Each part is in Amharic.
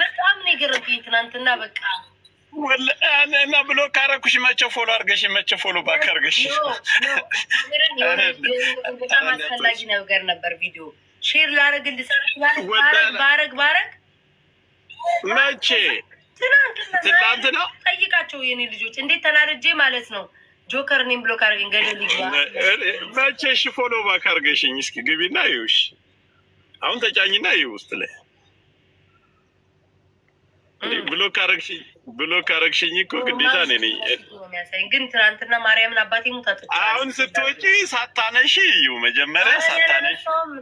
በጣም ነው የገረመኝ ትናንትና። በቃ እና ብሎ ካረኩሽ መቼ ፎሎ አርገሽ መቼ ፎሎ ባክ አርገሽ። በጣም አስፈላጊ ነገር ነበር። ቪዲዮ ሼር ላረግ እንድሰራ ባረግ ባረግ መቼ ትናንት ነው ጠይቃቸው የኔ ልጆች እንዴት ተናድጄ ማለት ነው። ጆከር እኔም ብሎ ካርገኝ ገደል መቼ ሽ ፎሎ ባክ አርገሽኝ። እስኪ ግቢና ይውሽ አሁን ተጫኝና ይ ውስጥ ላይ ብሎክ አረግሽኝ ብሎክ አረግሽኝ እኮ ግዴታ ነኝ። ግን ትናንትና ማርያምን አባቴ ሙት አሁን ስትወጪ ሳታነሺ እዩ መጀመሪያ ሳታነሺ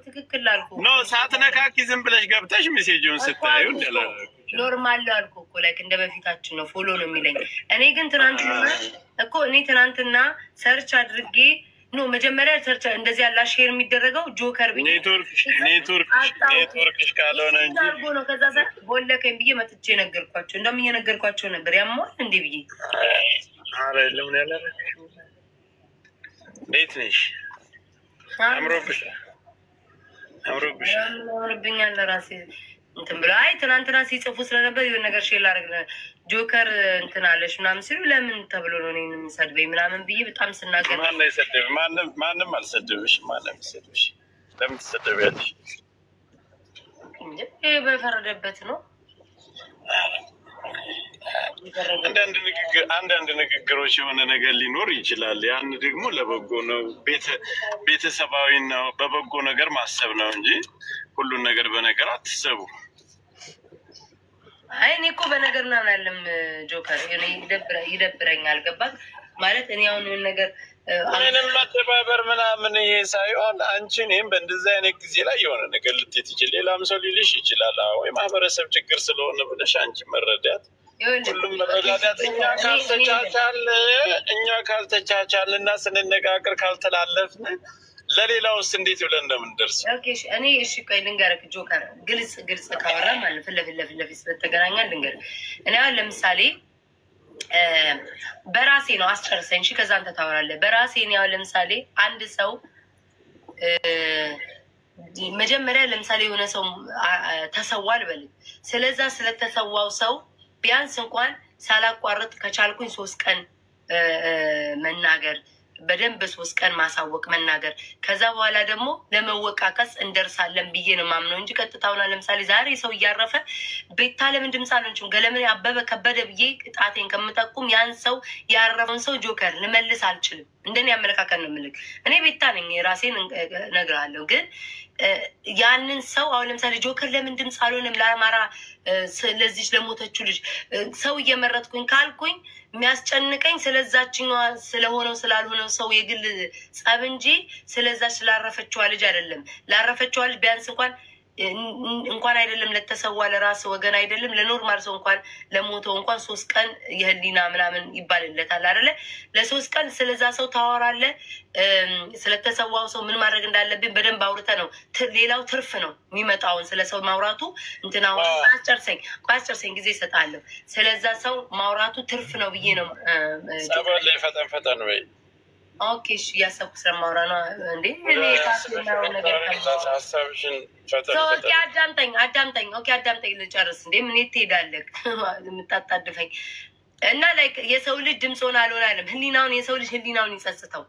ትክክል አልኩ። ኖ ሳትነካኪ ዝም ብለሽ ገብተሽ ሜሴጅን ስታዩ ኖርማል አልኩ እኮ ላይክ እንደ በፊታችን ነው ፎሎ ነው የሚለኝ። እኔ ግን ትናንትና እኮ እኔ ትናንትና ሰርች አድርጌ ኖ መጀመሪያ ሰርች እንደዚህ ያላ ሼር የሚደረገው ጆከር ብዬ ኔትወርክሽ ካልሆነ እንጂ ነው። ከዛ ሰ ቦለከኝ ብዬ መጥቼ ነገርኳቸው። እንደውም እየነገርኳቸው ነበር ያመዋል እንዴ ብዬ ለምን ራሴ ቤት ነሽ አምሮብኛል። ለራሴ እንትን ብለ አይ ትናንትና ሲጽፉ ስለነበር ይሁን ነገር ሼር ላደርግ ጆከር እንትን አለች ምናምን ሲሉ ለምን ተብሎ ነው እኔን የምሰድበኝ ምናምን ብዬ በጣም ስናገር፣ ማንም አልሰደብሽ፣ ማንም ሰደብሽ። ለምን ትሰደቢያለሽ? በፈረደበት ነው። አንዳንድ ንግግሮች የሆነ ነገር ሊኖር ይችላል። ያን ደግሞ ለበጎ ነው፣ ቤተሰባዊ ነው፣ በበጎ ነገር ማሰብ ነው እንጂ ሁሉን ነገር በነገር አትሰቡ። አይ እኔ እኮ በነገር ምናምን አለም ጆከር ይደብረኛል። ገባክ ማለት እኔ አሁን ይሁን ነገር ምንም መተባበር ምናምን ይሄ ሳይሆን አንቺ እኔም በእንደዚህ አይነት ጊዜ ላይ የሆነ ነገር ልትት ይችል ሌላም ሰው ሊልሽ ይችላል። ወይ ማህበረሰብ ችግር ስለሆነ ብለሽ አንቺ መረዳት ሁሉም መረዳዳት እኛ ካልተቻቻል እኛ ካልተቻቻል እና ስንነጋገር ካልተላለፍን ለሌላ ውስጥ እንዴት ብለን እንደምንደርስ እኔ እሺ ቆይ ልንገርህ፣ ጆከር ግልጽ ግልጽ ካወራ ማለት ፊት ለፊት ለፊት ስለተገናኘ ልንገርህ። እኔ አሁን ለምሳሌ በራሴ ነው አስጨርሰኝ፣ እሺ ከዛ አንተ ታወራለህ። በራሴ እኔ አሁን ለምሳሌ አንድ ሰው መጀመሪያ ለምሳሌ የሆነ ሰው ተሰዋ አልበልም። ስለዛ ስለተሰዋው ሰው ቢያንስ እንኳን ሳላቋርጥ ከቻልኩኝ ሶስት ቀን መናገር በደንብ ሶስት ቀን ማሳወቅ መናገር። ከዛ በኋላ ደግሞ ለመወቃቀስ እንደርሳለን ብዬ ነው ማምነው እንጂ ቀጥታውና ለምሳሌ ዛሬ ሰው እያረፈ ቤታ ለምን ድምፅ አልሆንችም ገለምን አበበ ከበደ ብዬ ጣቴን ከምጠቁም ያን ሰው ያረፈውን ሰው ጆከር ልመልስ አልችልም። እንደኔ አመለካከት ነው የምልክ። እኔ ቤታ ነኝ ራሴን ነግራለሁ ግን ያንን ሰው አሁን ለምሳሌ ጆከር ለምን ድምፅ አልሆንም ለአማራ ለዚች ለሞተችው ልጅ ሰው እየመረጥኩኝ ካልኩኝ የሚያስጨንቀኝ ስለዛችኛዋ ስለሆነው ስላልሆነው ሰው የግል ጸብ እንጂ ስለዛች ላረፈችዋ ልጅ አይደለም። ላረፈችዋ ልጅ ቢያንስ እንኳን እንኳን አይደለም ለተሰዋ ለራስ ወገን አይደለም ለኖርማል ሰው እንኳን ለሞተው እንኳን ሶስት ቀን የህሊና ምናምን ይባልለታል አይደለ? ለሶስት ቀን ስለዛ ሰው ታወራለ። ስለተሰዋው ሰው ምን ማድረግ እንዳለብን በደንብ አውርተ ነው። ሌላው ትርፍ ነው የሚመጣውን ስለ ሰው ማውራቱ እንትና አስጨርሰኝ፣ አስጨርሰኝ ጊዜ ይሰጣለሁ። ስለዛ ሰው ማውራቱ ትርፍ ነው ብዬ ነው። ፈጠን ፈጠን ኦኬ እሺ፣ እያሰብኩ ስለማውራ ነው እንዴ። አዳምጠኝ አዳምጠኝ፣ አዳምጠኝ ልጨርስ። እንዴ ምን ትሄዳለህ? የምታጣድፈኝ እና ላይክ የሰው ልጅ ድምፅ ሆነ አልሆነ አይደለም። ህሊናውን የሰው ልጅ ህሊናውን ይጸጽተው።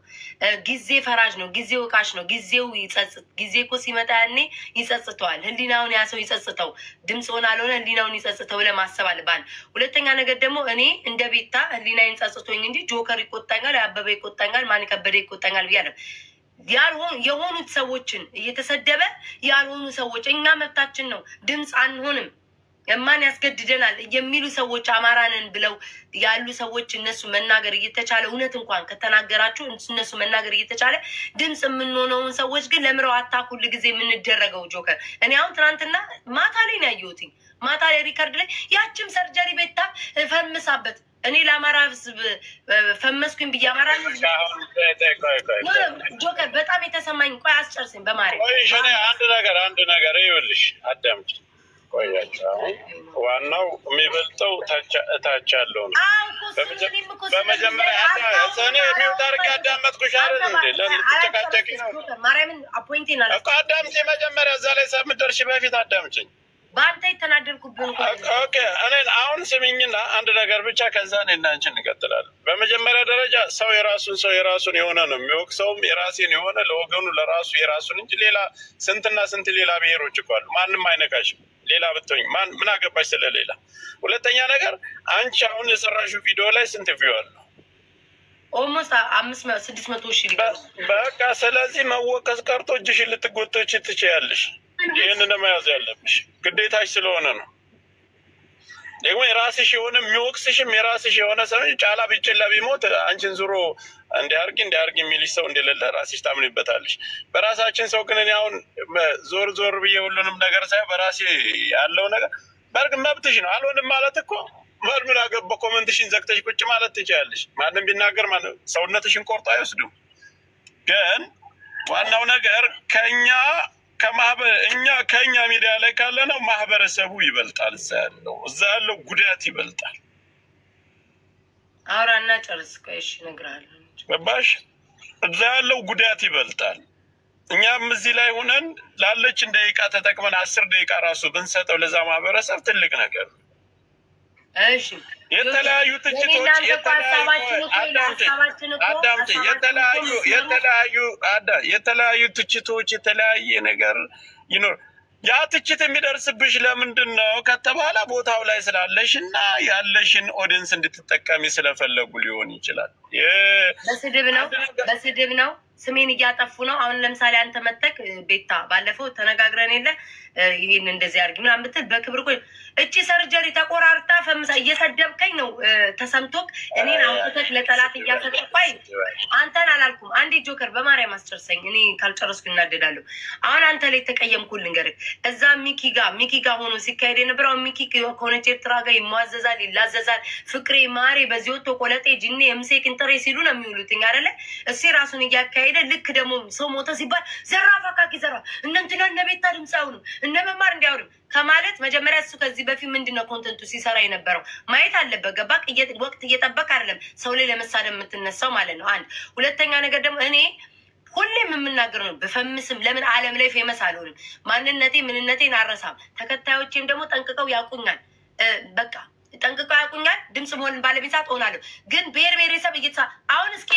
ጊዜ ፈራጅ ነው። ጊዜ ወቃሽ ነው። ጊዜው ይጸጽት። ጊዜ እኮ ሲመጣ ያኔ ይጸጽተዋል። ህሊናውን ያ ሰው ይጸጽተው። ድምፅ ሆነ አልሆነ ህሊናውን ይጸጽተው ለማሰብ አልባል። ሁለተኛ ነገር ደግሞ እኔ እንደ ቤታ ህሊናዬን ጸጽቶኝ እንጂ ጆከር ይቆጣኛል፣ አበበ ይቆጣኛል፣ ማን ከበደ ይቆጣኛል ብያለሁ የሆኑት ሰዎችን እየተሰደበ ያልሆኑ ሰዎች እኛ መብታችን ነው። ድምፅ አንሆንም የማን ያስገድደናል የሚሉ ሰዎች አማራንን ብለው ያሉ ሰዎች እነሱ መናገር እየተቻለ እውነት እንኳን ከተናገራችሁ እነሱ መናገር እየተቻለ ድምፅ የምንሆነውን ሰዎች ግን ለምረው አታክ ሁል ጊዜ የምንደረገው ጆከር። እኔ አሁን ትናንትና ማታ ላይ ነው ያየሁትኝ። ማታ ላይ ሪከርድ ላይ ያችም ሰርጀሪ ቤታ ፈምሳበት እኔ ለአማራ ህዝብ ፈመስኩኝ ብዬ አማራ ጆከር በጣም የተሰማኝ ቆይ አስጨርስኝ በማርያም አንድ ነገር አንድ ነገር ይኸውልሽ አዳምጪ ቆያቸው። ዋናው የሚበልጠው እታች ያለው ነው። በመጀመሪያ እኔ የሚውጣ አድርጌ አዳመጥኩሽ አይደል እንዴ? ለምትጨቃጨቂ ነው እኮ አዳምጪ። መጀመሪያ እዛ ላይ ሰምደርሽ በፊት አዳምጪኝ። በአንተ የተናደድኩብን። አሁን ስሚኝና አንድ ነገር ብቻ ከዛ እኔና አንቺ እንቀጥላለን። በመጀመሪያ ደረጃ ሰው የራሱን ሰው የራሱን የሆነ ነው የሚወቅ ሰውም የራሴን የሆነ ለወገኑ ለራሱ የራሱን እንጂ ሌላ ስንትና ስንት ሌላ ብሔሮች እኮ አሉ። ማንም አይነካሽም። ሌላ ብትሆኝ ምን አገባሽ ስለሌላ። ሁለተኛ ነገር አንቺ አሁን የሰራሽው ቪዲዮ ላይ ስንት ቪዋል ነው? ኦልሞስት አምስት ስድስት መቶ ሺህ በቃ። ስለዚህ መወቀስ ቀርቶ እጅሽን ልትጎቶች ትችያለሽ። ይህንን መያዝ ያለብሽ ግዴታሽ ስለሆነ ነው። ደግሞ የራስሽ የሆነ የሚወቅስሽም የራስሽ የሆነ ሰው ጫላ ቢጭላ ቢሞት አንቺን ዙሮ እንዲያርግ እንዲያርግ የሚልሽ ሰው እንደሌለ ራስሽ ታምንበታለሽ። በራሳችን ሰው ግን እኔ አሁን ዞር ዞር ብዬ ሁሉንም ነገር ሳይ በራሴ ያለው ነገር በርግ መብትሽ ነው። አልሆንም ማለት እኮ ምን አገባ ኮመንትሽን ዘግተሽ ቁጭ ማለት ትችያለሽ። ማንም ቢናገር ሰውነትሽን ቆርጦ አይወስዱም። ግን ዋናው ነገር ከኛ እኛ ከእኛ ሚዲያ ላይ ካለ ነው ማህበረሰቡ ይበልጣል። እዛ ያለው እዛ ያለው ጉዳት ይበልጣል። አውራና ጨርስ። ቆይ እሺ፣ ገባሽ? እዛ ያለው ጉዳት ይበልጣል። እኛም እዚህ ላይ ሆነን ላለችን ደቂቃ ተጠቅመን አስር ደቂቃ ራሱ ብንሰጠው ለዛ ማህበረሰብ ትልቅ ነገር ነው። የተለያዩ ትችቶች የተለያዩ ትችቶች የተለያየ ነገር ይኖር። ያ ትችት የሚደርስብሽ ለምንድን ነው ከተባለ ቦታው ላይ ስላለሽ እና ያለሽን ኦዲንስ እንድትጠቀሚ ስለፈለጉ ሊሆን ይችላል። በስድብ ነው በስድብ ነው ስሜን እያጠፉ ነው። አሁን ለምሳሌ አንተ መጠቅ ቤታ ባለፈው ተነጋግረን የለ ይህን እንደዚህ አድርጊ ምናምን ብትል በክብር እኮ እቺ ሰርጀሪ ተቆራርጣ ፈምሳ እየሰደብከኝ ነው ተሰምቶክ እኔን አውጥተክ ለጠላት እያፈጠባይ አንተን አላልኩም። አንዴ ጆከር በማርያም አስጨርሰኝ፣ እኔ ካልጨረስኩ እናደዳለሁ። አሁን አንተ ላይ ተቀየምኩ ልንገርህ፣ እዛ ሚኪ ጋ ሚኪ ጋ ሆኖ ሲካሄድ የነበረው ሚኪ ከሆነች ኤርትራ ጋር ይሟዘዛል፣ ይላዘዛል። ፍቅሬ ማሬ በዚህ ወጥቶ ቆለጤ ጅኔ የምሴ ቅንጥሬ ሲሉ ነው የሚውሉትኝ አደለ እሴ ራሱን እያካሄድ ሄደ። ልክ ደግሞ ሰው ሞተ ሲባል ዘራፍ አካኪ ዘራፍ እነ እነቤታ ድምፅ አይሆንም እነ መማር እንዲያውንም ከማለት መጀመሪያ እሱ ከዚህ በፊት ምንድነው ኮንተንቱ ሲሰራ የነበረው ማየት አለበት። ገባክ? ወቅት እየጠበቅ አይደለም ሰው ላይ ለመሳደብ የምትነሳው ማለት ነው። አንድ ሁለተኛ ነገር ደግሞ እኔ ሁሌም የምናገር ነው። ብፈምስም ለምን አለም ላይ ፌመስ አልሆንም? ማንነቴ ምንነቴን አረሳም። ተከታዮቼም ደግሞ ጠንቅቀው ያውቁኛል። በቃ ጠንቅቀው ያውቁኛል። ድምፅ መሆን ባለቤት ሆናለሁ። ግን ብሔር ብሔረሰብ እየተሳ አሁን እስኪ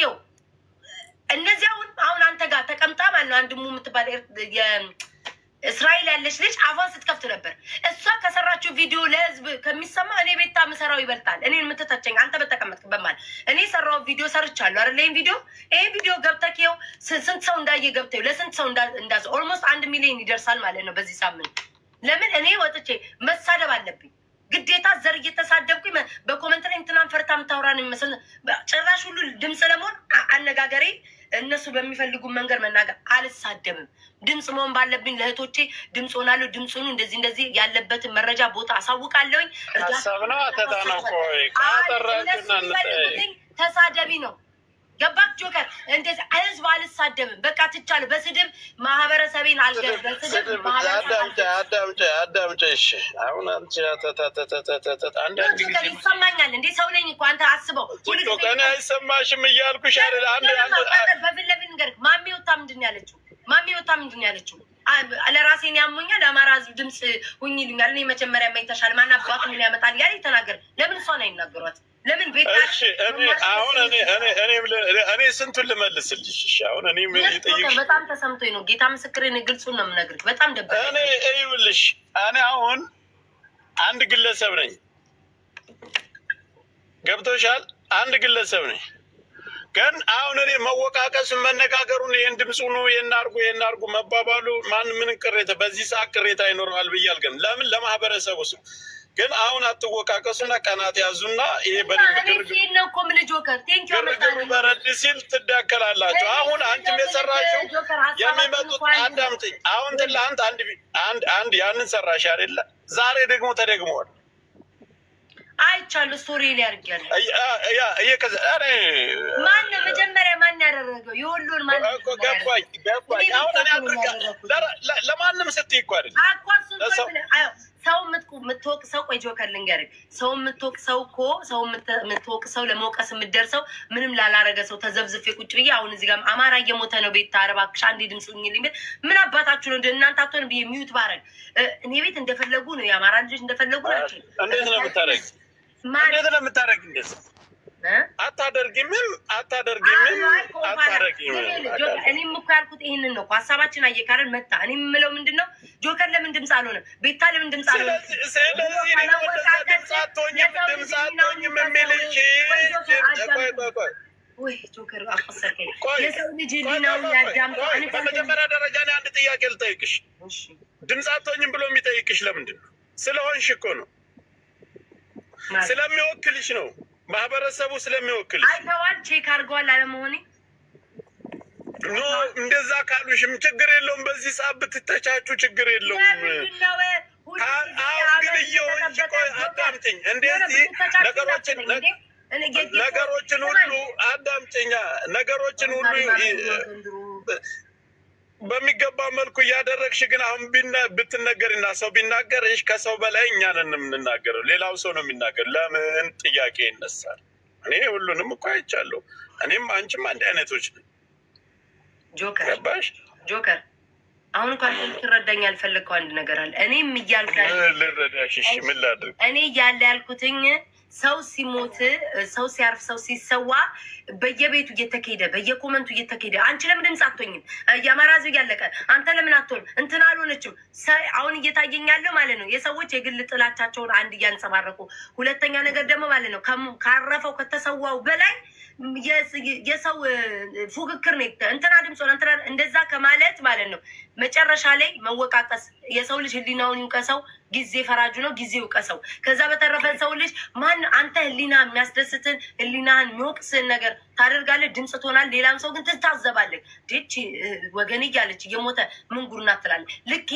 እንደዚህ አሁን አሁን አንተ ጋር ተቀምጣ ማለት ነው አንድሙ የምትባል እስራኤል ያለች ልጅ አፏን ስትከፍት ነበር። እሷ ከሰራችው ቪዲዮ ለህዝብ ከሚሰማ እኔ ቤታ ምሰራው ይበልጣል። እኔ የምትተቸኝ አንተ በተቀመጥክበት በማል እኔ ሰራው ቪዲዮ ሰርቻለሁ አይደል? ይህን ቪዲዮ ይህ ቪዲዮ ገብተው ስንት ሰው እንዳየ ገብተው ለስንት ሰው እንዳዘ ኦልሞስት አንድ ሚሊዮን ይደርሳል ማለት ነው በዚህ ሳምንት። ለምን እኔ ወጥቼ መሳደብ አለብኝ ግዴታ? ዘር እየተሳደብኩኝ በኮመንት ላይ እንትናን ፈርታ የምታወራን ይመስል ጭራሽ ሁሉ ድምፅ ለመሆን አነጋገሬ እነሱ በሚፈልጉ መንገድ መናገር አልሳደብም። ድምፅ መሆን ባለብኝ ለእህቶቼ ድምፅ ሆናለሁ። ድምፅ ሆኑ። እንደዚህ እንደዚህ ያለበትን መረጃ ቦታ አሳውቃለሁኝ። ተሳደቢ ነው ገባት ጆከር? እንደዚህ ህዝብ አልሳደብም። በቃ ትቻለ። በስድብ ማህበረሰቤን አልገርም። እንዴ? ሰው ነኝ እኮ አንተ አስበው። እኔ አይሰማሽም እያልኩሽ አይደል? በፊት ለፊት ንገር። ማሚ ወታ ምንድን ያለችው? ማሚ ወታ ምንድን ያለችው? ለራሴን ያሞኛል። አማራ ህዝብ ድምፅ ሁኝልኛል። እኔ መጀመሪያ መኝተሻል። ማናባት ምን ያመጣል ያለ ተናገር። ለምን እሷን አይናገሯት? ለምን ቤት አሁን እኔ ስንቱን ልመልስልሽ? እሺ አሁን እኔ በጣም ተሰምቶኝ ነው። ጌታ ምስክሬን ግልጹን ነው የምነግርህ። በጣም ደበ እኔ እዩልሽ። እኔ አሁን አንድ ግለሰብ ነኝ፣ ገብቶሻል? አንድ ግለሰብ ነኝ። ግን አሁን እኔ መወቃቀሱን መነጋገሩን ይህን ድምፁ ነው የናርጉ የናርጉ መባባሉ ማን ምን ቅሬታ በዚህ ሰዓት ቅሬታ ይኖረዋል ብያል። ግን ለምን ለማህበረሰቡ ግን አሁን አትወቃቀሱና ቀናት ያዙና ይሄ በግርግር በረድ ሲል ትዳከላላችሁ። አሁን አንቺም የሰራሽው የሚመጡት አዳምጥኝ። አሁን ትላንት አንድ አንድ ያንን ሰራሽ አይደለ? ዛሬ ደግሞ ተደግመዋል። አይቻሉ ስቶሪ ላይ አድርጊያለሁ። ማነው መጀመሪያ ማን ያደረገው? የሁሉን ማን ገባኝ ገባኝ። ለማንም ስትይ እኮ አይደለም ሰው የምትወቅ ሰው ቆይ ጆከር ልንገርህ፣ ሰው የምትወቅ ሰው እኮ ሰው የምትወቅ ሰው ለመውቀስ የምትደርሰው ምንም ላላረገ ሰው ተዘብዝፌ ቁጭ ብዬ አሁን እዚህ ጋር አማራ እየሞተ ነው ቤት ታረባክሽ አንዴ ድምፅ ኝልኝ ቤት ምን አባታችሁ ነው እንደ እናንተ አትሆን ብዬ ሚዩት ባረግ እኔ ቤት እንደፈለጉ ነው የአማራ ልጆች እንደፈለጉ ናቸው። እንዴት ነው የምታረግ? እንዴት ነው የምታረግ እንደዚህ አታደርጊምም አታደርጊምም አታደርጊምም። እኔም እኮ ያልኩት ይህንን ነው። ሀሳባችን አየካረን መጣ። እኔ የምለው ምንድን ነው ጆከር ለምን ድምፅ አልሆነም? ቤታ ለምን ድምፅ አልሆነም? ድምፅ አትሆኝም፣ ድምፅ አትሆኝም የሚልሽ በመጀመሪያ ደረጃ አንድ ጥያቄ ልጠይቅሽ። ድምፅ አትሆኝም ብሎ የሚጠይቅሽ ለምንድን ነው? ስለሆንሽ እኮ ነው፣ ስለሚወክልሽ ነው። ማህበረሰቡ ስለሚወክል አይተዋል። ቼክ አድርገዋል አለመሆኔ ኖ እንደዛ ካሉሽም ችግር የለውም። በዚህ ሰዓት ብትተቻቹ ችግር የለውም። አሁን ግን እየሆንሽ ቆይ፣ አዳምጭኝ። እንደዚህ ነገሮችን ነገሮችን ሁሉ አዳምጭኛ ነገሮችን ሁሉ በሚገባ መልኩ እያደረግሽ ግን አሁን ብትነገርና ሰው ቢናገርሽ ከሰው በላይ እኛንን የምንናገረው ሌላው ሰው ነው የሚናገር። ለምን ጥያቄ ይነሳል? እኔ ሁሉንም እኮ አይቻለሁ። እኔም አንቺም አንድ አይነቶች ነው። ጆከር ገባሽ? ጆከር አሁን እንኳን ልትረዳኝ ያልፈለግከው አንድ ነገር አለ። እኔም እያልኩ ልረዳሽ። ምን ላድርግ? እኔ እያለ ያልኩትኝ ሰው ሲሞት ሰው ሲያርፍ ሰው ሲሰዋ በየቤቱ እየተካሄደ በየኮመንቱ እየተካሄደ አንቺ ለምን ድምፅ አትሆኝም? የአማራ ህዝብ እያለቀ አንተ ለምን አትሆን እንትን አልሆነችም። አሁን እየታየኝ ያለው ማለት ነው የሰዎች የግል ጥላቻቸውን አንድ እያንጸባረቁ፣ ሁለተኛ ነገር ደግሞ ማለት ነው ካረፈው ከተሰዋው በላይ የሰው ፉክክር ነው። እንትና ድምፅ ሆነ እንትና እንደዛ ከማለት ማለት ነው መጨረሻ ላይ መወቃቀስ የሰው ልጅ ህሊናውን ይውቀሰው። ጊዜ ፈራጁ ነው፣ ጊዜ ሰው ከዛ በተረፈ ሰው ልጅ ማን አንተ ህሊና የሚያስደስትን ህሊናህን የሚወቅስን ነገር ታደርጋለህ፣ ድምፅ ትሆናለህ። ሌላም ሰው ግን ትታዘባለህ። ዴች ወገን እያለች እየሞተ ምን ጉርና ትላለህ። ልክ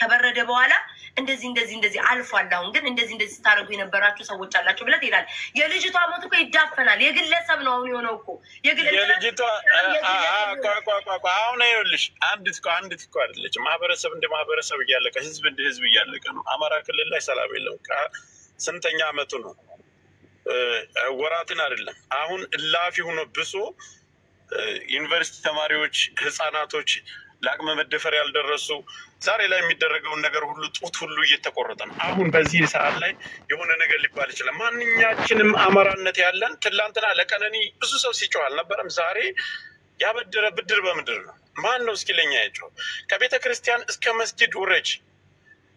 ከበረደ በኋላ እንደዚህ እንደዚህ እንደዚህ አልፏል፣ አሁን ግን እንደዚህ እንደዚህ ስታደርጉ የነበራችሁ ሰዎች አላቸው ብለት ይላል። የልጅቷ ሞት እኮ ይዳፈናል። የግለሰብ ነው አሁን የሆነው እኮ የልጅቷ አሁን ይኸውልሽ፣ አንዲት እኮ አንዲት እኮ አይደለች። ማህበረሰብ እንደ ማህበረሰብ እያለቀ ህዝብ እንደ ህዝብ እያለቀ ነው። አማራ ክልል ላይ ሰላም የለውም። ስንተኛ አመቱ ነው? ወራትን አይደለም። አሁን እላፊ ሆኖ ብሶ ዩኒቨርሲቲ ተማሪዎች፣ ህፃናቶች፣ ለአቅመ መደፈር ያልደረሱ ዛሬ ላይ የሚደረገውን ነገር ሁሉ ጡት ሁሉ እየተቆረጠ ነው። አሁን በዚህ ሰዓት ላይ የሆነ ነገር ሊባል ይችላል። ማንኛችንም አማራነት ያለን ትላንትና ለቀነኒ ብዙ ሰው ሲጮህ አልነበረም? ዛሬ ያበደረ ብድር በምድር ነው። ማን ነው እስኪ ለኛ ያጮህ? ከቤተ ክርስቲያን እስከ መስጊድ ውረጅ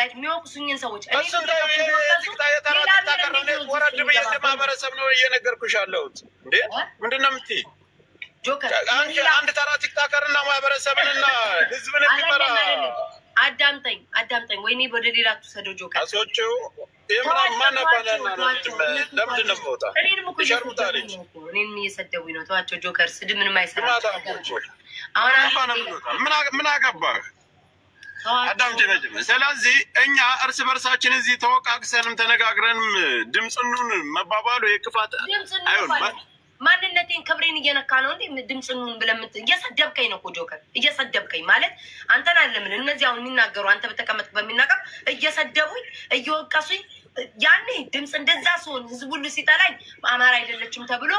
ላይ የሚወቅሱኝን ሰዎች ወረድ ብዬ ለማህበረሰብ ነው እየነገርኩሽ ያለሁት። እንዴ ምንድን ነው የምትይ? አንድ ተራ ቲክታከርና ማህበረሰብንና ህዝብን የሚመራ አዳምጠኝ፣ አዳምጠኝ። ወይኔ ወደ ሌላ ትውሰደው ጆከር እኔንም እየሰደቡኝ ነው። ተዋቸው ጆከር፣ ስድብ ምንም አይሰራም። ምን አገባህ? ስለዚህ እኛ እርስ በርሳችን እዚህ ተወቃቅሰንም ተነጋግረንም ድምፅኑን መባባሉ የክፋት ማንነቴን ክብሬን እየነካ ነው እንዴ? ድምፅኑን ብለምት እየሰደብከኝ ነው እኮ ጆከር፣ እየሰደብከኝ ማለት አንተን አለምን እነዚህ አሁን የሚናገሩ አንተ በተቀመጥ በሚናገር እየሰደቡኝ እየወቀሱኝ ያኔ ድምፅ እንደዛ ሲሆን ህዝብ ሁሉ ሲጠላኝ አማራ አይደለችም ተብሎ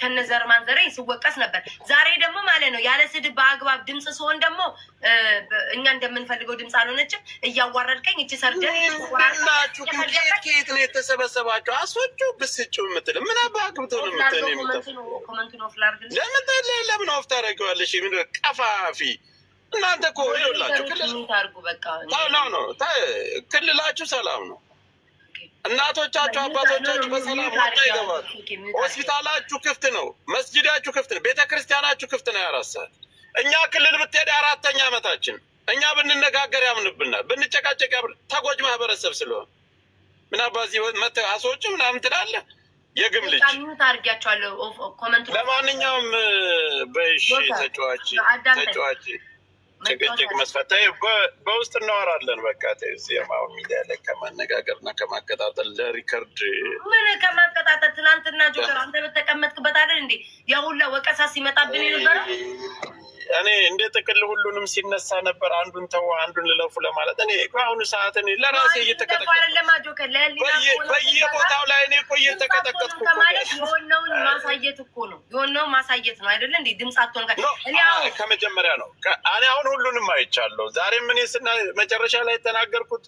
ከነዘር ማንዘሬ ሲወቀስ ነበር። ዛሬ ደግሞ ማለት ነው ያለ ስድብ በአግባብ ድምፅ ሲሆን ደግሞ እኛ እንደምንፈልገው ድምፅ አልሆነችም። እያዋረድከኝ እች ሰርደናችሁ ነው የተሰበሰባቸው አስወጩ ብስጩ ምትል ምን አባ ግብቶ ነው ለምን ለምን ኦፍ ታደረገዋለሽ? ምን ቀፋፊ እናንተ እኮ ይኸውላችሁ ክልላችሁ ሰላም ነው እናቶቻችሁ አባቶቻችሁ በሰላም ወጥቶ ይገባሉ። ሆስፒታላችሁ ክፍት ነው፣ መስጂዳችሁ ክፍት ነው፣ ቤተ ክርስቲያናችሁ ክፍት ነው። የአራት ሰዓት እኛ ክልል ብትሄድ አራተኛ ዓመታችን እኛ ብንነጋገር ያምንብናል፣ ብንጨቃጨቅ ያምን ተጎጅ ማህበረሰብ ስለሆነ ምናባዚ መተሶች ምናምን ትላለ የግም ልጅ ለማንኛውም በሽ ተጫዋች ተጫዋች ጭቅጭቅ መስፈታ በውስጥ እናወራለን። በቃ ሚዲያ ላይ ከማነጋገር እና ከማቀጣጠል ለሪከርድ ምን ተቆጣጠር። ትናንትና ጆከር አንተ በተቀመጥክበት አይደል እንዴ ያሁላ ወቀሳ ሲመጣብን የነበረው? እኔ እንደ ጥቅል ሁሉንም ሲነሳ ነበር። አንዱን ተው አንዱን ልለፉ ለማለት እኔ በአሁኑ ሰዓት እኔ ለራሴ በየቦታው ላይ እኔ እኮ እየተቀጠቀጥኩ የሆነውን ማሳየት እኮ ነው የሆነውን ማሳየት ነው አይደለ እንዴ? ድምፅ አትሆን ከመጀመሪያ ነው። እኔ አሁን ሁሉንም አይቻለሁ። ዛሬም እኔ ስና መጨረሻ ላይ የተናገርኩት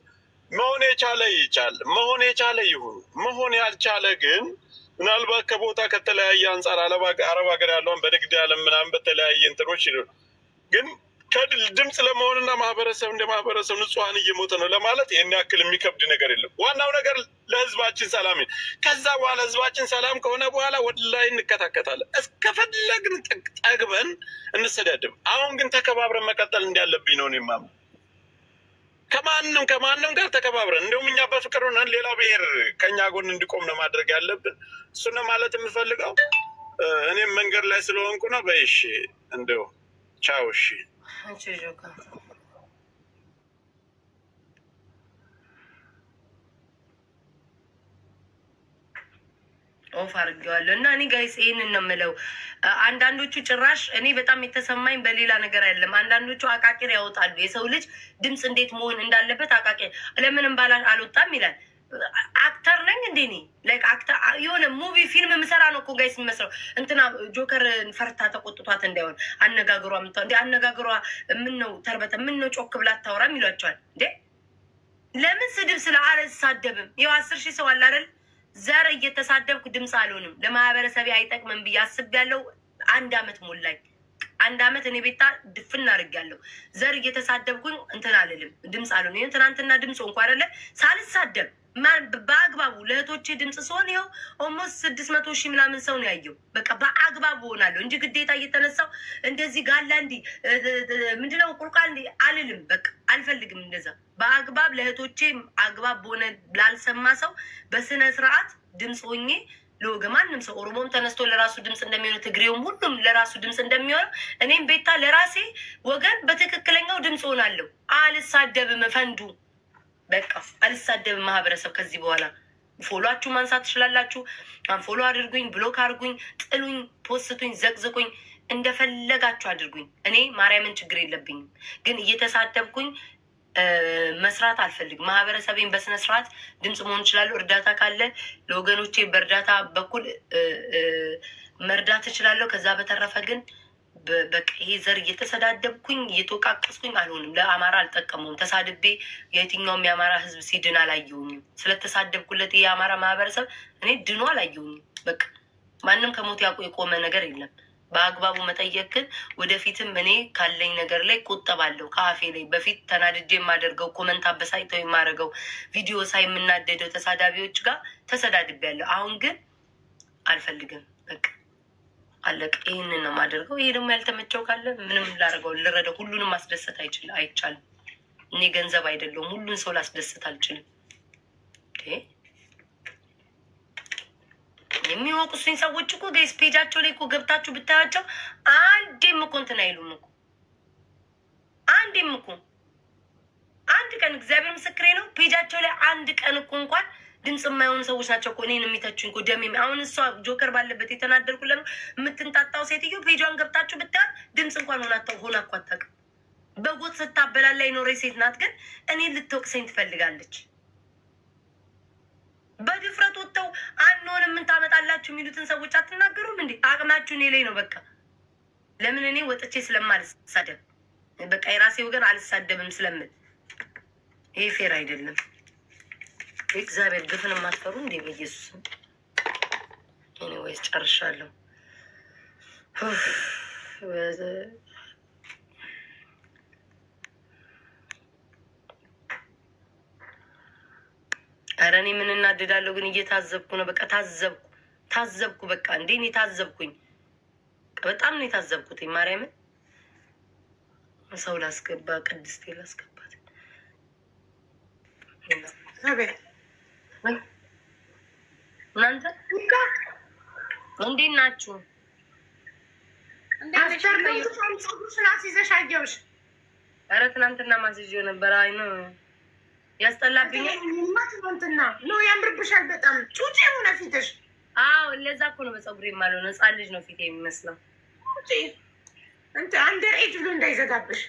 መሆን የቻለ ይቻል፣ መሆን የቻለ ይሁን። መሆን ያልቻለ ግን ምናልባት ከቦታ ከተለያየ አንጻር አረብ ሀገር ያለውን በንግድ ዓለም ምናምን በተለያየ እንትኖች ግን ከድምፅ ለመሆንና ማህበረሰብ እንደ ማህበረሰብ ንጹሐን እየሞተ ነው ለማለት ይህን ያክል የሚከብድ ነገር የለም። ዋናው ነገር ለህዝባችን ሰላም፣ ከዛ በኋላ ህዝባችን ሰላም ከሆነ በኋላ ወደ ላይ እንከታከታለን። እስከፈለግን ጠግበን እንሰዳድም። አሁን ግን ተከባብረን መቀጠል እንዳለብኝ ነው እኔ የማምነው። ከማንም ከማንም ጋር ተከባብረን እንዲሁም እኛ በፍቅር ሆነን ሌላ ብሔር ከኛ ጎን እንዲቆም ነው ማድረግ ያለብን። እሱን ማለት የምፈልገው እኔም መንገድ ላይ ስለሆንኩ ነው። በይሽ እንዲሁ ቻው እሺ ኦፍ አድርጌዋለሁ እና እኔ ጋይስ ይህንን ነው የምለው። አንዳንዶቹ ጭራሽ እኔ በጣም የተሰማኝ በሌላ ነገር አይደለም። አንዳንዶቹ አቃቂር ያወጣሉ። የሰው ልጅ ድምፅ እንዴት መሆን እንዳለበት አቃቂር ለምንም ባላ አልወጣም ይላል። አክተር ነኝ እንዴ እኔ ላይክ አክተር የሆነ ሙቪ ፊልም ምሰራ ነው እኮ ጋይስ የሚመስለው። እንትና ጆከር ፈርታ ተቆጥቷት እንዳይሆን አነጋግሯ ምታ አነጋግሯ ምን ምነው ተርበተ ምነው ጮክ ብላ አታወራም ይሏቸዋል እንዴ። ለምን ስድብ ስለ ሳደብም ይኸው አስር ሺህ ሰው አለ አይደል ዘር እየተሳደብኩ ድምፅ አልሆንም፣ ለማህበረሰብ አይጠቅምም ብዬ አስቤያለሁ። አንድ አመት ሞላኝ። አንድ አመት እኔ ቤታ ድፍን አድርጌያለሁ። ዘር እየተሳደብኩኝ እንትን አልልም፣ ድምፅ አልሆንም። ትናንትና ድምፅ እንኳ አይደለ ሳልሳደብ በአግባቡ ለእህቶቼ ድምፅ ሲሆን ይኸው ኦልሞስት ስድስት መቶ ሺህ ምናምን ሰው ነው ያየው። በቃ በአግባቡ ሆናለሁ እንጂ ግዴታ እየተነሳው እንደዚህ ጋላ እንዲ ምንድነው ቁርቃ እንዲ አልልም። በቃ አልፈልግም እንደዛ። በአግባብ ለእህቶቼ አግባብ በሆነ ላልሰማ ሰው በስነ ስርዓት ድምፅ ሆኜ ለወገ ማንም ሰው ኦሮሞም ተነስቶ ለራሱ ድምፅ እንደሚሆነ ትግሬውም ሁሉም ለራሱ ድምፅ እንደሚሆነ እኔም ቤታ ለራሴ ወገን በትክክለኛው ድምፅ ሆናለሁ። አልሳደብም ፈንዱ በቃ አልሳደብም። ማህበረሰብ ከዚህ በኋላ ፎሎችሁ ማንሳት ትችላላችሁ። አንፎሎ አድርጉኝ፣ ብሎክ አድርጉኝ፣ ጥሉኝ፣ ፖስቱኝ፣ ዘቅዝቁኝ፣ እንደፈለጋችሁ አድርጉኝ። እኔ ማርያምን ችግር የለብኝም፣ ግን እየተሳደብኩኝ መስራት አልፈልግም። ማህበረሰቤን በስነ ስርዓት ድምፅ መሆን እችላለሁ። እርዳታ ካለ ለወገኖቼ በእርዳታ በኩል መርዳት እችላለሁ። ከዛ በተረፈ ግን በቃ ይሄ ዘር እየተሰዳደብኩኝ እየተወቃቀስኩኝ አልሆንም። ለአማራ አልጠቀመውም። ተሳድቤ የትኛውም የአማራ ህዝብ ሲድን አላየውኝም። ስለተሳደብኩለት የአማራ ማህበረሰብ እኔ ድኖ አላየውኝም። በቃ ማንም ከሞት ያውቁ የቆመ ነገር የለም። በአግባቡ መጠየቅ ወደፊትም እኔ ካለኝ ነገር ላይ ቆጠባለሁ። ከአፌ ላይ በፊት ተናድጄ የማደርገው ኮመንት አበሳጭተው የማደርገው ቪዲዮ ሳይ የምናደደው ተሳዳቢዎች ጋር ተሰዳድቤያለሁ። አሁን ግን አልፈልግም በቃ አለቅ ይህንን ነው የማደርገው። ይሄ ደግሞ ያልተመቸው ካለ ምንም ላደርገው ልረደ ሁሉንም ማስደሰት አይችል አይቻልም። እኔ ገንዘብ አይደለውም፣ ሁሉን ሰው ላስደሰት አልችልም። ሱኝ ሰዎች እኮ ገይስ ፔጃቸው ላይ እኮ ገብታችሁ ብታያቸው አንዴም እኮ እንትን አይሉም እኮ አንዴም እኮ አንድ ቀን እግዚአብሔር ምስክሬ ነው ፔጃቸው ላይ አንድ ቀን እኮ እንኳን ድምፅ የማይሆኑ ሰዎች ናቸው እኮ እኔን የሚተችኝ እኮ ደሜ። አሁን እሷ ጆከር ባለበት የተናደድኩ ለምን የምትንጣጣው ሴትዮ ፔጇን ገብታችሁ ብታይ ድምፅ እንኳን ሆና ሆና እኮ አታውቅም። በጎጥ ስታበላላ የኖረች ሴት ናት፣ ግን እኔን ልትወቅሰኝ ትፈልጋለች። በድፍረት ወጥተው አንሆን የምንታመጣላችሁ የሚሉትን ሰዎች አትናገሩም እንዴ? አቅማችሁ እኔ ላይ ነው በቃ። ለምን እኔ ወጥቼ ስለማልሳደብ በቃ የራሴ ወገን አልሳደብም ስለምል ይሄ ፌር አይደለም። እግዚአብሔር ግፍን የማትፈሩ እንዴ? በኢየሱስ ኤኒዌይስ ጨርሻለሁ። ኧረ እኔ ምን እናደዳለሁ ግን እየታዘብኩ ነው። በቃ ታዘብኩ ታዘብኩ በቃ እንዴ እኔ ታዘብኩኝ። በጣም ነው የታዘብኩት። ማርያምን ሰው ላስገባ ቅድስቴ ላስገባት እናንተ እንዴት ናችሁ? ኧረ ትናንትና ማስይዤው ነበር። አይ ነው ያስጠላብኛል። ያምርብሻል በጣም ጩጭ የሆነ ፊትሽ። አዎ ለዛ እኮ ነው በፀጉር ሕፃን ልጅ ነው ፊት የሚመስለው። አንደር ኤጅ ብሎ እንዳይዘጋብሽ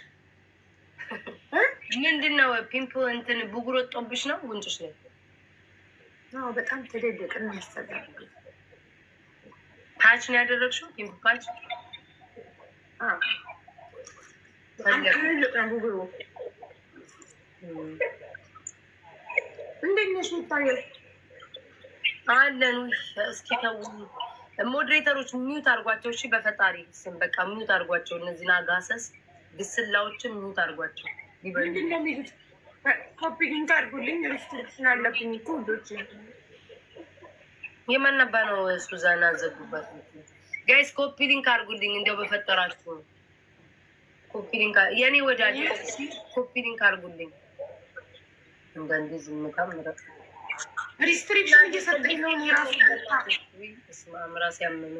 ምንድን ነው ፒምፕ እንትን ብጉር ወጦብሽ ነው ጉንጭሽ ላይ በጣም ትልልቅ የሚያስጠላ ታች ነው ያደረግሽው። ትልልቅ ነው ጉግሩ እንዴት ነሽ? አለን እስኪ ተው ሞዴሬተሮች ሚዩት አድርጓቸው። እሺ በፈጣሪ ስም በቃ ሚዩት አድርጓቸው። እነዚህን አጋሰስ ግስላዎችን ሚዩት አድርጓቸው። ኮፒሊን ሊንክ አድርጉልኝ። ሪስትሪክሽን አለብኝ እኮ ውዶች። ነው ሱዛና ዘጉባት። ጋይስ እንደው በፈጠራችሁ የኔ ወዳጅ እንዳንዴ ዝምታ ምረጥ። ሪስትሪክሽን እየሰጠኝ ነው ራሱ ስማም ራሴ ያመመ።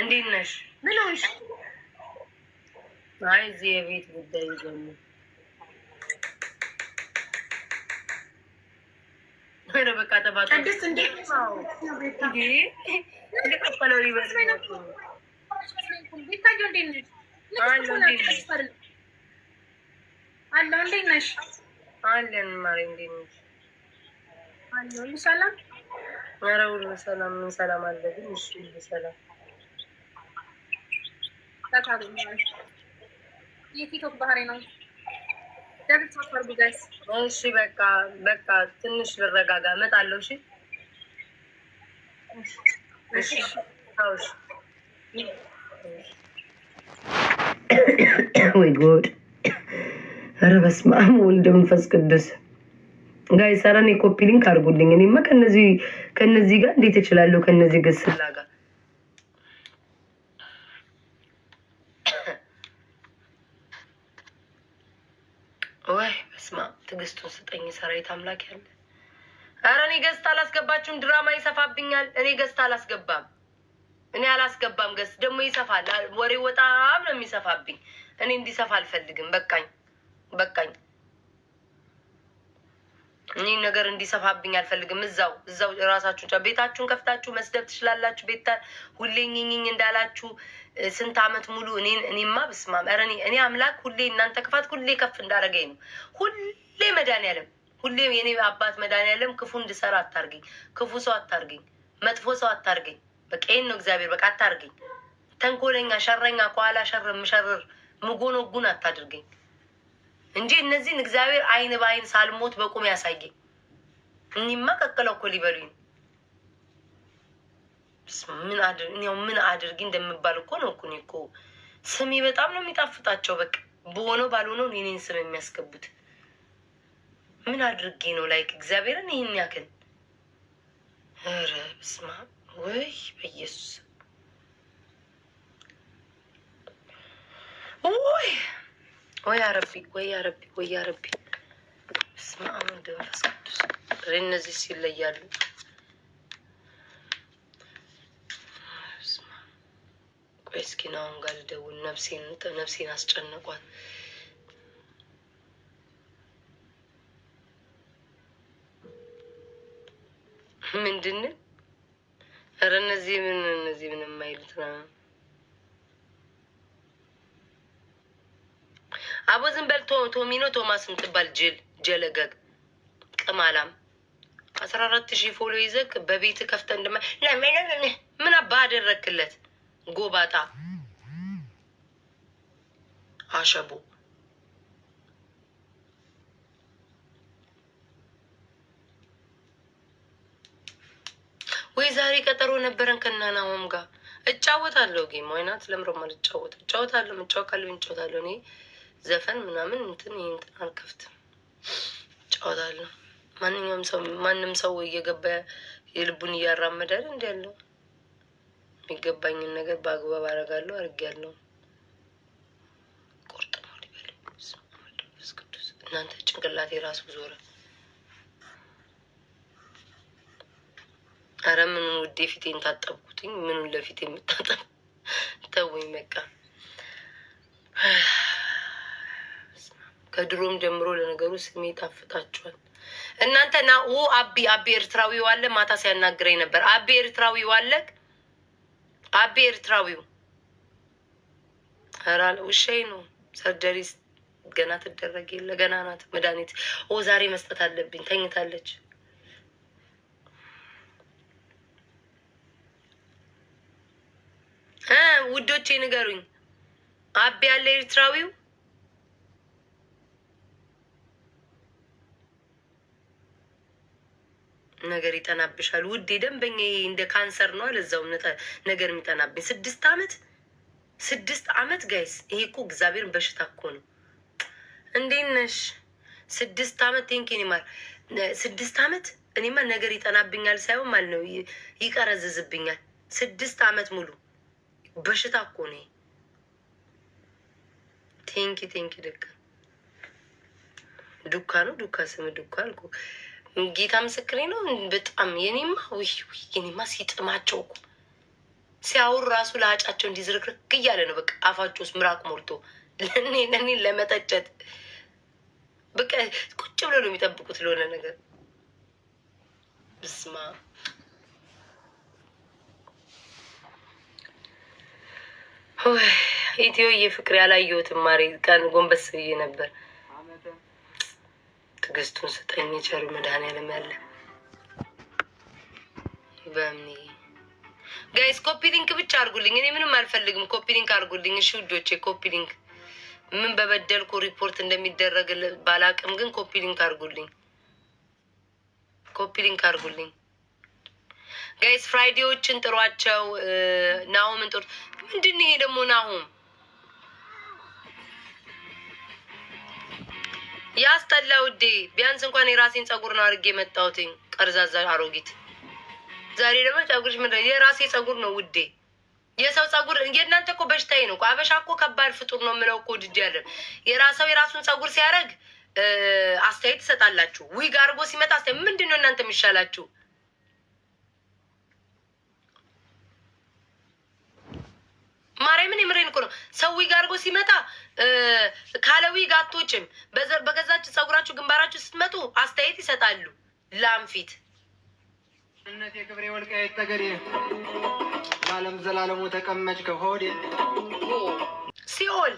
እንዴት ነሽ? ምን ሆንሽ? አይ እዚህ የቤት ጉዳይ ይዘሙ ሰላም ሰላም አለ ሰላም የቲክቶክ ባህሪ ነው። እሺ በቃ በቃ ትንሽ ልረጋጋ፣ እመጣለሁ። እሺ ወይ ጉድ! ኧረ በስመ አብ ወልድ መንፈስ ቅዱስ ጋይ ሰራን የኮፒ ሊንክ አድርጉልኝ። እኔማ ከነዚህ ከነዚህ ጋር እንዴት እችላለሁ? ከነዚህ ግስላ ጋር ትዕግስቱን ስጠኝ ሰራዊት አምላክ ያለ። አረ እኔ ገዝት አላስገባችሁም። ድራማ ይሰፋብኛል። እኔ ገዝት አላስገባም። እኔ አላስገባም። ገዝት ደግሞ ይሰፋል። ወሬ በጣም ነው የሚሰፋብኝ። እኔ እንዲሰፋ አልፈልግም። በቃኝ፣ በቃኝ። እኔ ነገር እንዲሰፋብኝ አልፈልግም። እዛው እዛው ራሳችሁ ቤታችሁን ከፍታችሁ መስደብ ትችላላችሁ። ቤታ ሁሌ ኝኝኝ እንዳላችሁ ስንት አመት ሙሉ እኔ እኔማ ብስማም ረ እኔ አምላክ ሁሌ እናንተ ክፋት ሁሌ ከፍ እንዳረገኝ ነው ሁሌ ሁሌ መድኃኒዓለም ሁሌም የኔ አባት መድኃኒዓለም ክፉ እንድሰራ አታርገኝ፣ ክፉ ሰው አታርገኝ፣ መጥፎ ሰው አታርገኝ። በቃ ይህን ነው እግዚአብሔር፣ በቃ አታርገኝ። ተንኮለኛ፣ ሸረኛ፣ ከኋላ ሸር ምሸርር ምጎኖጉን አታድርገኝ እንጂ እነዚህን እግዚአብሔር አይን በአይን ሳልሞት በቁም ያሳየኝ። እኒማ ቀቅለው እኮ ሊበሉኝ ምን አድርግ ምን አድርጊ እንደምባል እኮ ነው እኮ እኔ እኮ ስሜ በጣም ነው የሚጣፍጣቸው። በቃ በሆነው ባልሆነው የኔን ስም የሚያስገቡት ምን አድርጌ ነው ላይክ እግዚአብሔርን ይህን ያክል ኧረ በስመ አብ ወይ በኢየሱስ ወይ ወይ አረቢ ወይ አረቢ ወይ አረቢ በስመ አብ ወወልድ ወመንፈስ ቅዱስ እነዚህ ሲለያሉ ቆይ እስኪ ናሁን ጋር ልደውል ነፍሴን ነፍሴን አስጨነቋት ምንድን ኧረ እነዚህ ምን እነዚህ ምን የማይሉት ነው። አቦ ዝም በል ቶሚኖ ቶማስ ምትባል ጅል ጀለገግ ቅማላም አስራ አራት ሺህ ፎሎ ይዘህ በቤት ከፍተ እንደማ ምን አባ አደረክለት? ጎባጣ አሸቦ ወይ ዛሬ ቀጠሮ ነበረን ከናናውም ጋር እጫወታለሁ። ጌም ወይናት ለምሮማል እጫወት እጫወታለሁ እጫወቃለሁ እጫወታለሁ። እኔ ዘፈን ምናምን እንትን ይንትን አልከፍትም፣ እጫወታለሁ። ማንኛውም ሰው ማንም ሰው እየገባ የልቡን እያራመዳል እንዲ ያለው የሚገባኝን ነገር በአግባብ አደርጋለሁ። አድርጌያለሁ። ቆርጥ ነው ሊበል እናንተ ጭንቅላቴ ራሱ ዞረ። አረ ምኑን ውዴ ፊቴን ታጠብኩትኝ? ምኑን ለፊቴ የምታጠብ ተወኝ። በቃ ከድሮም ጀምሮ ለነገሩ ስሜ ጣፍጣቸዋል። እናንተ ና አቢ አቢ ኤርትራዊ ዋለ ማታ ሲያናግረኝ ነበር። አቢ ኤርትራዊ አለ አቢ ኤርትራዊው ራል ውሸይ ነው። ሰርጀሪስ ገና ትደረግ የለ ገና ናት። መድኃኒት ኦ ዛሬ መስጠት አለብኝ። ተኝታለች። ውዶቼ ንገሩኝ። አቤ ያለ ኤርትራዊው ነገር ይጠናብሻል ውዴ። ደንበኛ እንደ ካንሰር ነው አለዛው ነገር የሚጠናብኝ ስድስት አመት ስድስት አመት ጋይስ፣ ይሄ እኮ እግዚአብሔርን በሽታ እኮ ነው። እንዴት ነሽ? ስድስት አመት ቴንኪ ኒማር ስድስት አመት እኔማ ነገር ይጠናብኛል ሳይሆን ማለት ነው ይቀረዝዝብኛል። ስድስት አመት ሙሉ በሽታ እኮ ነው። ቴንኪ ቴንኪ ደጋ ዱካ ነው ዱካ ስም ዱካ አልኩ። ጌታ ምስክሬ ነው። በጣም የኔማ የኔማ ሲጥማቸው እኮ ሲያውር ራሱ ለአጫቸው እንዲዝርክርክ እያለ ነው። በቃ አፋቸው ውስጥ ምራቅ ሞልቶ ለእኔ ለእኔ ለመጠጨት በቃ ቁጭ ብለው ነው የሚጠብቁት ለሆነ ነገር ብስማ ኢትዮዬ ፍቅር ያላየሁትም ማሪ ቀን ጎንበስ ብዬ ነበር። ትግስቱን ስጠኝ የቸሩ መድኃኒዓለም ያለ በምን ጋይስ ኮፒ ሊንክ ብቻ አርጉልኝ። እኔ ምንም አልፈልግም። ኮፒ ሊንክ አርጉልኝ እሺ ውዶቼ ኮፒ ሊንክ ምን በበደልኩ ሪፖርት እንደሚደረግ ባላቅም፣ ግን ኮፒ ሊንክ አርጉልኝ፣ ኮፒ ሊንክ አርጉልኝ። ጋይስ ፍራይዴዎችን ጥሯቸው። ናሆምን ጥሩ ምንድን ይሄ ደግሞ ናሆም ያስጠላ ውዴ። ቢያንስ እንኳን የራሴን ጸጉር ነው አድርጌ የመጣሁትኝ። ቀርዛዛ አሮጊት ዛሬ ደግሞ ጸጉርሽ ምንድን ነው? የራሴ ጸጉር ነው ውዴ። የሰው ጸጉር የእናንተ እኮ በሽታዬ ነው። አበሻ እኮ ከባድ ፍጡር ነው የምለው እኮ ድድ ያለም የራሰው የራሱን ጸጉር ሲያደርግ አስተያየት ትሰጣላችሁ። ዊግ አድርጎ ሲመጣ አስተያየት ምንድን ነው እናንተ የሚሻላችሁ? ማርያምን የምሬን እኮ ነው። ሰው ዊግ አድርጎ ሲመጣ ካለ ዊግ አትወጭም። በገዛች ጸጉራችሁ ግንባራችሁ ስትመጡ አስተያየት ይሰጣሉ። ላምፊት እነት የክብሬ ወልቃይት ጠገዴ ለዓለም ዘላለሙ ተቀመጭ ከሆዴ ሲኦል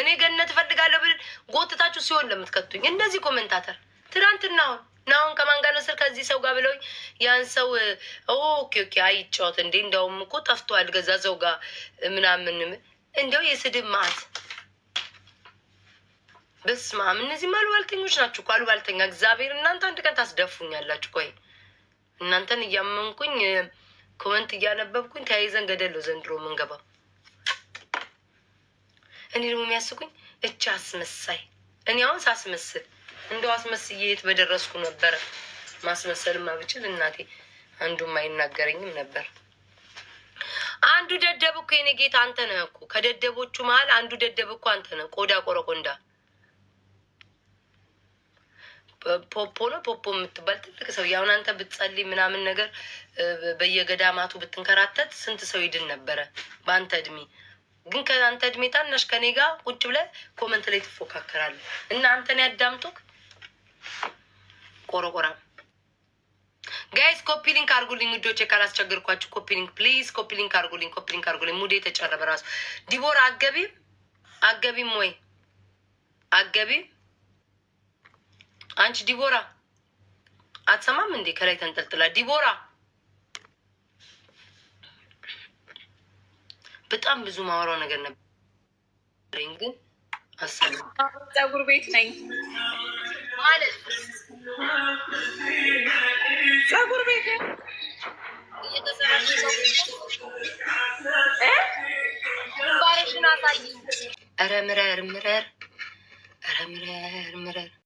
እኔ ገነት እፈልጋለሁ ብል ጎትታችሁ ሲኦል ለምትከቱኝ እነዚህ ኮመንታተር ትናንትናውን እና አሁን ከማን ጋር ከዚህ ሰው ጋር ብለውኝ ያን ሰው ኦኬ ኦኬ አይጫወት እንዴ እንደውም እኮ ጠፍቷል ገዛ ሰው ጋር ምናምን እንደው የስድብ ማት በስመ አብ እነዚህም አሉባልተኞች ናችሁ እኮ አሉባልተኛ እግዚአብሔር እናንተ አንድ ቀን ታስደፉኛላችሁ ቆይ እናንተን እያመንኩኝ ኮመንት እያነበብኩኝ ተያይዘን ገደለው ዘንድሮ የምንገባው እኔ ደግሞ የሚያስቁኝ እች አስመሳይ እኔ አሁን ሳስመስል እንደው አስመስዬ የት በደረስኩ ነበር። ማስመሰልማ ብችል እናቴ አንዱም አይናገረኝም ነበር። አንዱ ደደብ እኮ የኔ ጌታ አንተ ነህ እኮ። ከደደቦቹ መሀል አንዱ ደደብ እኮ አንተ ነህ። ቆዳ ቆረቆንዳ ፖፖ ነው ፖፖ የምትባል ትልቅ ሰው። ያሁን አንተ ብትጸልይ ምናምን ነገር በየገዳማቱ ብትንከራተት ስንት ሰው ይድን ነበረ በአንተ እድሜ። ግን ከአንተ እድሜ ታናሽ ከኔ ጋር ቁጭ ብለህ ኮመንት ላይ ትፎካከራለህ እና አንተን ያዳምጡክ ቆረቆራ ጋይስ ኮፒ ሊንክ አርጉልኝ ውዶቼ፣ ካላስቸገርኳችሁ ኮፒ ሊንክ ፕሊዝ፣ ኮፒ ሊንክ አርጉልኝ፣ ኮፒ ሊንክ አርጉልኝ። ሙዴ የተጨረበ ራሱ ዲቦራ አገቢም አገቢም ወይ አገቢም አንቺ ዲቦራ አትሰማም እንዴ? ከላይ ተንጠልጥላ ዲቦራ በጣም ብዙ ማወራው ነገር ነበር፣ ግን አሰማ ፀጉር ቤት ነኝ ማለት ጸጉር ቤት ባሽን አሳይ። ኧረ ምረር ምረር ምረር